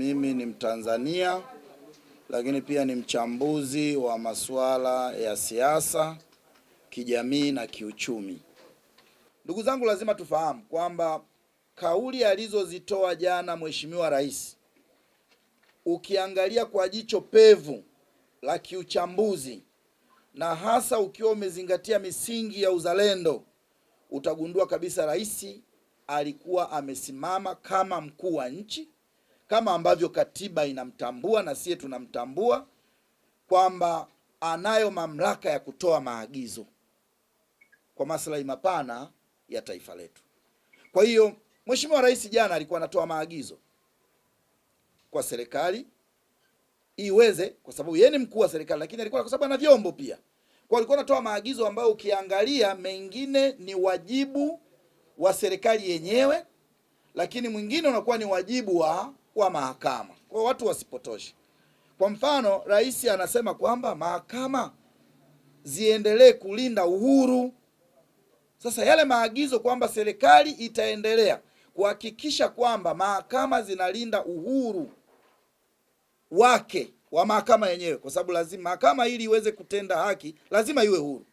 Mimi ni Mtanzania, lakini pia ni mchambuzi wa masuala ya siasa, kijamii na kiuchumi. Ndugu zangu, lazima tufahamu kwamba kauli alizozitoa jana Mheshimiwa Rais, ukiangalia kwa jicho pevu la kiuchambuzi na hasa ukiwa umezingatia misingi ya uzalendo, utagundua kabisa rais alikuwa amesimama kama mkuu wa nchi kama ambavyo katiba inamtambua na sisi tunamtambua kwamba anayo mamlaka ya kutoa maagizo kwa maslahi mapana ya taifa letu. Kwa hiyo Mheshimiwa Rais jana alikuwa anatoa maagizo kwa serikali iweze, kwa sababu yeye ni mkuu wa serikali, lakini alikuwa kwa sababu ana vyombo pia, kwa alikuwa anatoa maagizo ambayo ukiangalia mengine ni wajibu wa serikali yenyewe, lakini mwingine unakuwa ni wajibu wa kwa mahakama. Kwa watu wasipotoshe. Kwa mfano, rais anasema kwamba mahakama ziendelee kulinda uhuru. Sasa yale maagizo kwamba serikali itaendelea kuhakikisha kwamba mahakama zinalinda uhuru wake wa mahakama yenyewe, kwa sababu lazima mahakama ili iweze kutenda haki lazima iwe huru.